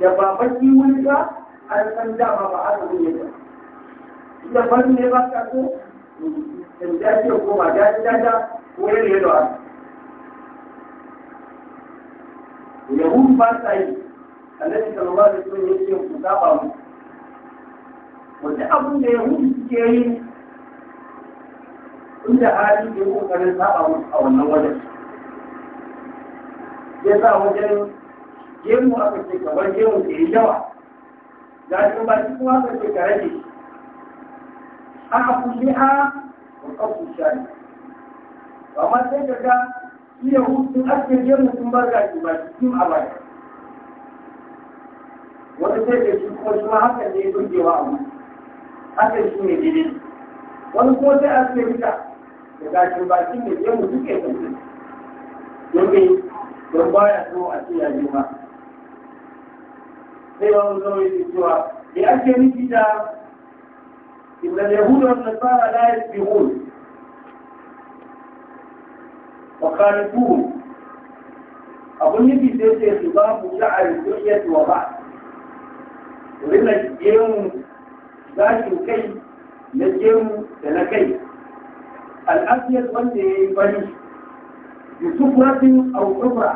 da ba baki wani ba an san dama ba a haka wani ba ita fari ne ba ka so in dace ko ba dace dace ko ya yin yadda a yahudu ba sa yi annabi sallallahu alaihi wasallam ya ce ku saba mu Wani abin da yahudu suke yi inda hali ke kokarin saba mu a wannan wajen ya sa wajen gemu aka ce ka bar gemu ka yi yawa ga shi ba shi kuma aka ce ka rage aka kushe a ka kushe ne amma sai ka ga ya hutun ake gemu sun bar ga shi ba shi sun a baya wani sai ka shi kuma shi ma haka ne burgewa a wani haka shi ne daidai wani kuma sai ake rika da gashin bakin da gemu suke kasance domin don baya so a ce ya girma sai wani zama yake cewa da ake nufi da inda yahudu wa nasara la yasbihun wa kharifun abun niki sai sai su ba mu sha'ar dunyat wa ba na rina gemu gashin kai na gemu da na kai al'afiyar wanda ya yi bari yusuf ratin au kubra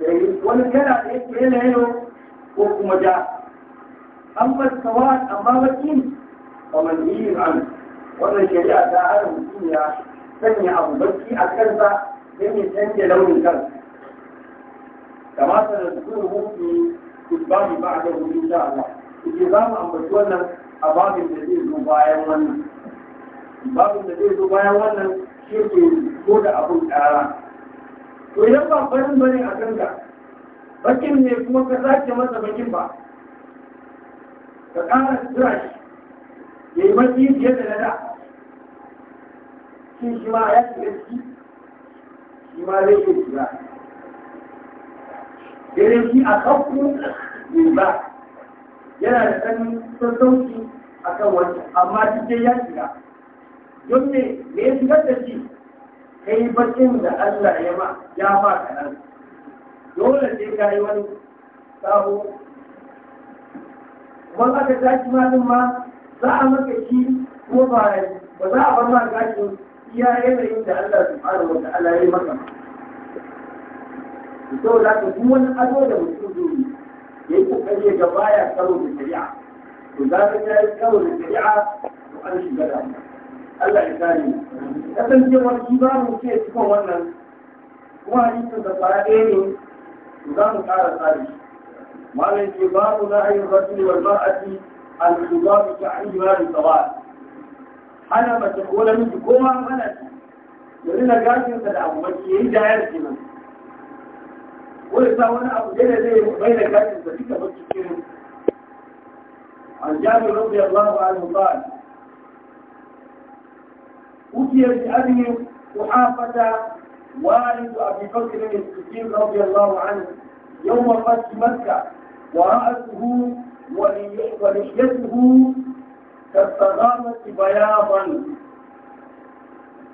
da wani kana da yake yanayin ko kuma ja an bar sawad amma bakin kamar yin an wannan shari'a ta hana mutum ya sanya abu baki a kansa don ne canje launin kansa kama sanadun hukumi kusbani ba a da hudu sha Allah kuke za mu ambaci wannan a babin da zai zo bayan wannan babin da zai zo bayan wannan shi ke ko da abun ƙara to idan ba farin bane a kanka bakin ne kuma ka sake masa bakin ba ka kara tura shi ya yi mafi fiye da nada shin shi ma ya shiga ciki shi ma zai iya shiga dare shi a kafu ba yana da ɗan sassauci a kan wani amma cikin ya shiga don ne me ya shigar da shi kai bakin da Allah ya ma ya ma kanan dole sai ka yi wani sabo. kuma aka tashi ma din ma za a maka shi kuma ba ba za a bar ma gashin iya yanayin da Allah subhanahu wa ta'ala ya maka saboda haka duk wani ado da mutum zuri ya yi kokari ya ga baya karo da shari'a to za ka ta yi karo da shari'a to an shiga da Allah ya kare kasancewar shi ba mu ce cikin wannan kuma hadisin da fara ɗaya ne za mu ƙara tsari malam ke babu na ayin rajul wal mar'ati al khidab ka ayyuhan sawa ana mace ko namiji ko ma ana yanzu na gashin da abu mace yayi jayar kenan ko ya sa wani abu da zai bai da gashin sa duka baki kenan عن جابر رضي الله عنه قال أتي بأبي قحافة والد أبي بكر الصديق رضي الله عنه يوم فتح مكة ورأته ولحيته كالصغامة بياضا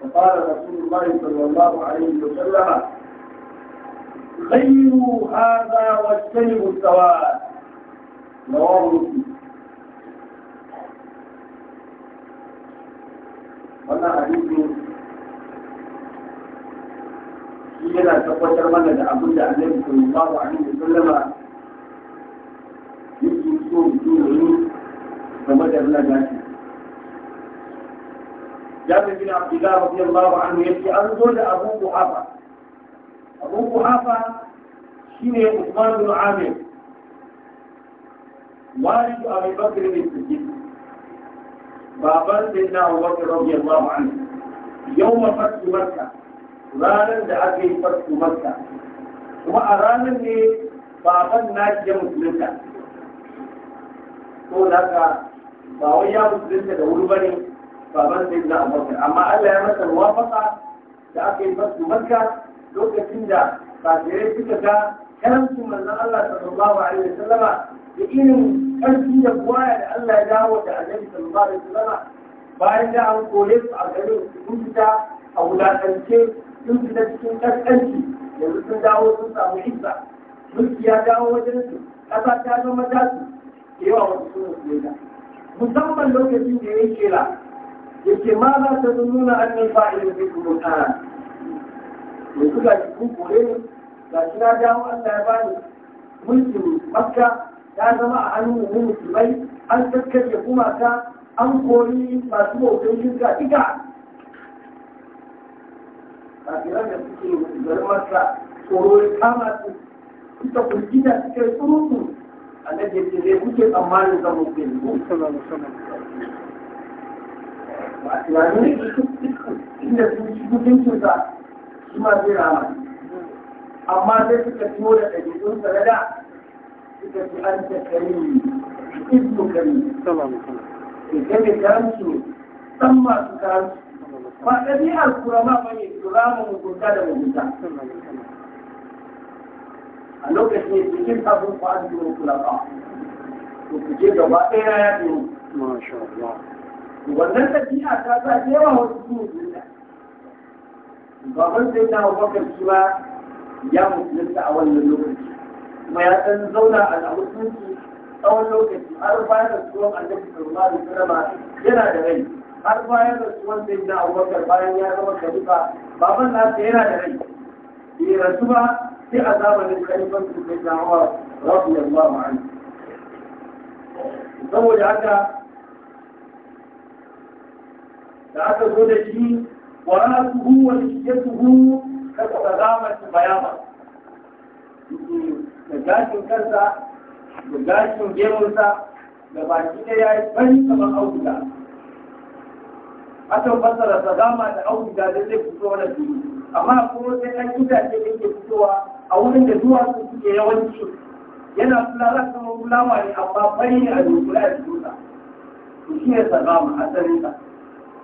فقال رسول الله صلى الله عليه وسلم غيروا هذا واجتنبوا السواد رواه مسلم وانا حديث yana tabbatar mana da abin da annabi sallallahu alaihi wasallama yake so su yi game da rana shi ya ta gina abdullah rabbi allah wa anhu yace an zo da abu kuhafa abu kuhafa shine usman bin amir walid abi bakr bin siddiq baban sayyidina abu bakr rabbi allah wa anhu yawm fath makkah ranar da aka yi fasu makka kuma a ranar ne baban nashi ya musulunta to da ka ba wai ya musulunta da wuri bane baban sai a abubakar amma Allah ya masa wafaka da aka yi fasu makka lokacin da kafirai suka ga karancin manzon Allah sallallahu alaihi wasallama da irin karfi da kwaya da Allah ya dawo da annabi sallallahu alaihi wasallama bayan da an kore su a garin sun fita a wulakance sun fita cikin kaskanci yanzu sun dawo sun samu hizza mulki ya dawo wajen su ƙasa ta zama tasu da yawa wasu sun musulunta musamman lokacin da ya yi kera yake ma za ta nuna an yi da zai kuma ƙara su ga shi kun kore ne ga shi na dawo Allah ya bani mulkin makka ya zama a hannun mu musulmai an kakkarya kuma ta an kori masu bautan shirka duka kafiran da suke garmarsa tsoro ya kama su suka kulkita suka yi surutu annabi ya ce zai kuke tsammanin zama ku ba tunanin inda sun ci mutuncinsa shi ma zai rama amma sai suka ciwo da ɗabi'unsa na da suka ci an ta kari ibnu kari ke kai da karanci ne san masu karanci ba ɗabi'ar kurama ba ne kurama mugunta da mugunta a lokacin ne cikin abin ba an duro kula ba to ku je gaba ɗaya ya duro wannan ɗabi'a ta sa da yawa wasu su mugunta baban sai na bakar shi ba ya musulunta a wannan lokaci kuma ya san zauna a mutunci tsawon lokaci har bayan da tsohon annabi sallallahu alaihi wasallam yana da rai har bayan da suwan sai da bayan ya zama khalifa baban ta yana da rai bai rasu ba sai a zamanin khalifan su sai da hawa radiyallahu anhu saboda haka da aka zo da shi wa rasuhu wa shiyatuhu ka tsadama bayama da gashin kansa da gashin gemunsa da baki da ya yi bari kamar auduga akan fassara sagama da auduga da zai fito wani fili amma ko sai ɗan itace da ke fitowa a wurin da duwatsu suke yawanci yana fulala kamar fulawa ne amma fari ne a dunkula a jikinsa su shi ne sagama asalinsa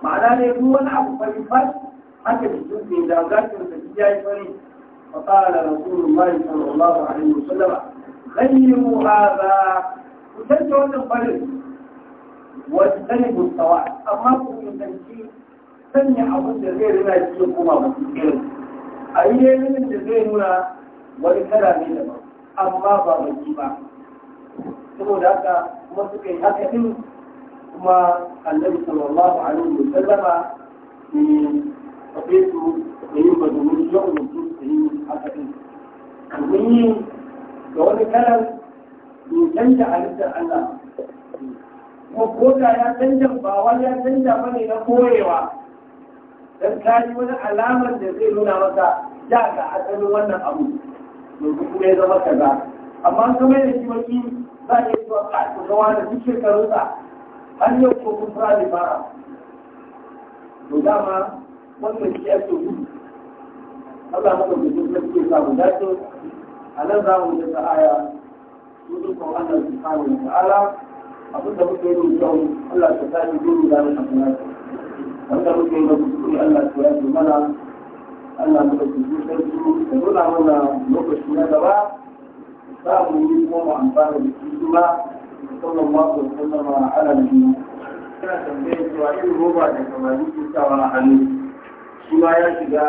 ma'ana ne duk wani abu fari fari haka su ke da gashin da shi ya yi fari فقال رسول الله صلى الله عليه وسلم Ku هذا wannan farin. wani mustawa amma ku nisanci sanya abin da zai rina shi ya koma mutum irin a yi yayin da zai nuna wani kala ne daban amma ba baki ba saboda haka kuma suka haka din kuma annabi sallallahu alaihi wa sallama ne tafe su da yin ba domin da su da yin haka yi da wani kalar nisan da halittar Allah kuma ya canja ba wani ya canja ba ne na koyewa don ka wani alamar da zai nuna maka ya ga asalin wannan abu domin kuma ya zama kaza amma kuma da shi wani za a yi zuwa ka da duk shekarunsa har yau ko kun fara da fara to dama wannan shi ya gudu Allah maka gudu da ke samu dace a nan za mu da aya Sunan Allah subhanahu wa ta'ala abinda muke yi da Allah ta sa ni da mu kuma wanda muke da kuskure Allah ta ya ji mana Allah mu da kuskure sai su da nuna mana lokaci na gaba za mu yi kuma mu amfana da shi kuma sallallahu alaihi wasallam ala nabi kana tambaye cewa irin roba da kamar yake sawa a hannu shi ma ya shiga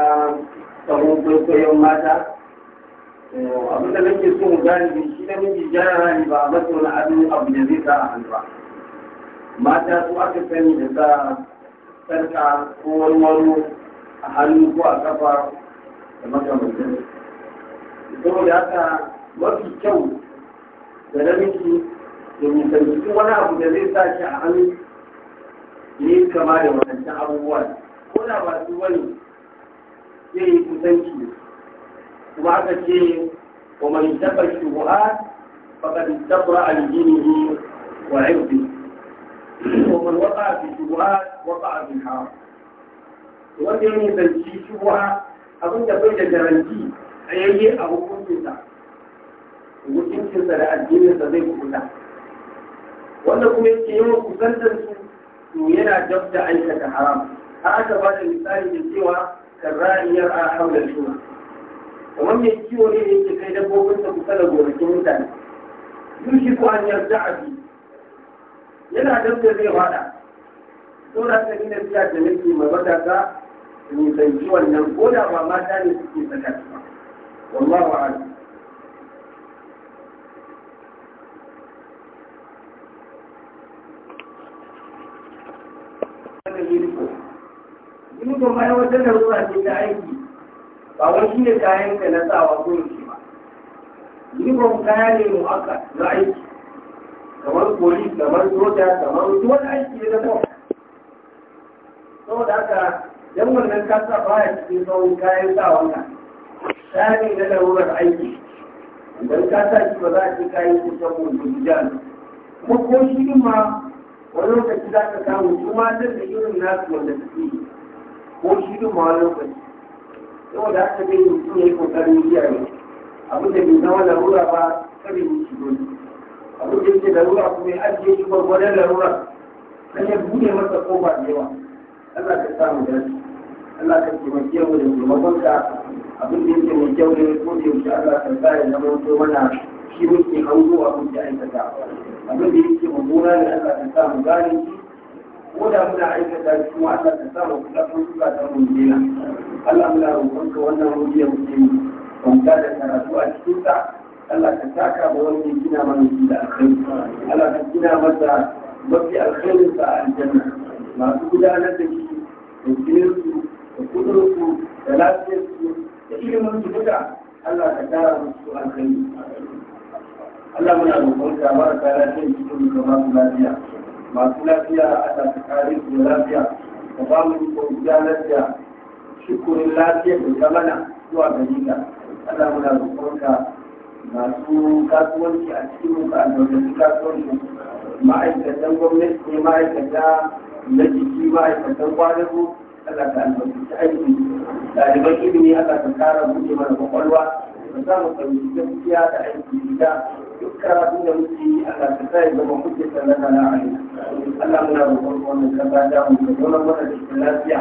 tsaron kwaikwayon mata abin da nake so mu gane shi namiji jarara ne ba a masa wani abin abu da zai sa a hannu ba mata su aka sani da sa sarka ko warwaro a hannu ko a kafa da maka makamantan saboda haka mafi kyau da namiji da nisanci wani abu da zai sa shi a hannu ne kama da wadancan abubuwan ko da ba su wani zai yi kusanci kuma aka ce wa man dafa shubuhat faqad tabra al dinihi wa irdi wa man waqa fi shubuhat waqa fi haram wanda yake zanci shubuha abin da bai da garanti tsayayye a hukuncinsa hukuncinsa da addininsa zai kuta wanda kuma yake wa kusantar su to yana dab da aikata haram har aka ba da misali da cewa kan ra'iyar a haular shuna wanda ya kiwo ne yake kai da dabbobin ta kusa da gonakin mutane yushi ko an yarda a bi yana dab da zai fada so da ka gina siya da nake mai matasa in ji wannan ko da ba mata ne suke saka su ba wallahu a'lam Yunifom bayan wata da ruwa ke ta aiki ba wai shi ne kayan ka na sawa gurin shi ba uniform kaya ne mu aka na aiki kamar police kamar soja kamar wani aiki ne na kawai saboda haka yan wannan kasa baya cikin tsawon kayan sawanka ta ne na larurar aiki idan ka sa shi ba za a ce kayan kusa ko jijan kuma ko shi ma wani lokaci za ka samu su ma da irin nasu wanda suke ko shi ma wani lokaci yau da aka bai mutum ya yi kokarin biya ne abin da bai zama larura ba kare mu shi dole abin da yake larura kuma ya ajiye shi gwargwadon larura kan ya buɗe masa kofa da yawa Allah ka samu dace Allah ka taimake mu da taimakonka abin da yake mai kyau ne ko da yaushe Allah ka sa ya zama to mana shi muke hango abin da aikata abin da yake mummuna ne Allah ka samu gane shi Koda da muna aikata shi kuma Allah ta sa mu kula kun suka ta mun dina Allah muna roƙon ka wannan rubiya mu ce mu da karatu a cikin ta Allah ta saka ba wanda gina mana shi da alkhairi Allah ta gina masa mafi alkhairin sa a aljanna masu gudanar da shi da su da su da lafiyar su da ilimin su duka Allah ka tara musu alkhairi Allah muna roƙon ka ba ka lafiya cikin mu ka lafiya masu lafiya a tafi kare su lafiya da ba mu yi kogiya lafiya shukurin lafiya da jamana mana zuwa gari ka Allah muna roƙonka masu kasuwanci a cikin mu ka albarkaci kasuwanci ma'aikatan gwamnati ne ma'aikata na jiki ma'aikatan kwadago Allah ka albarkaci aiki ɗaliban ilimi Allah ka kara buɗe mana kwakwalwa ka samun fahimci gaskiya da aiki gida duk karatu da muke yi Allah ta kasuwa ya zama kuke sannan na na'ayi Allah muna roƙon wannan kasa ta mu da zama mana da cikin lafiya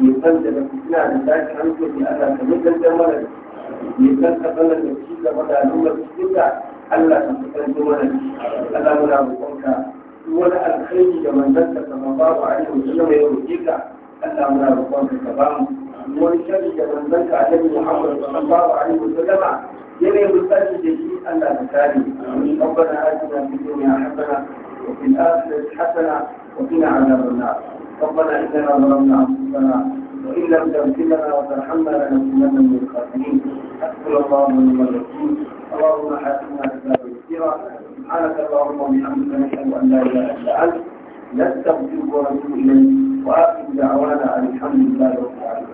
mai san da fitina da tashin hankali Allah ka mutuntar mana da mai san ka sanar da ci gaba da al'ummar cikin Allah ta mutuntar mana da Allah muna roƙon ka wani alkhairi da manzon ka sallallahu alaihi wasallam ya roƙe ka Allah muna roƙon ka ka ba mu wani sharri da manzon ka Annabi Muhammad sallallahu alaihi wasallama يلي مستجد جديد أن المثالي ربنا آتنا في الدنيا حسنة وفي الآخرة حسنة وقنا عذاب النار ربنا إننا ظلمنا أنفسنا وإن لم تغفر لنا وترحمنا لنكونن من الخاسرين حسبنا الله ونعم الوكيل اللهم حاسبنا حسابا كثيرا سبحانك اللهم وبحمدك نشهد أن لا إله إلا أنت نستغفرك ونتوب إليك وآخر دعوانا الحمد لله رب العالمين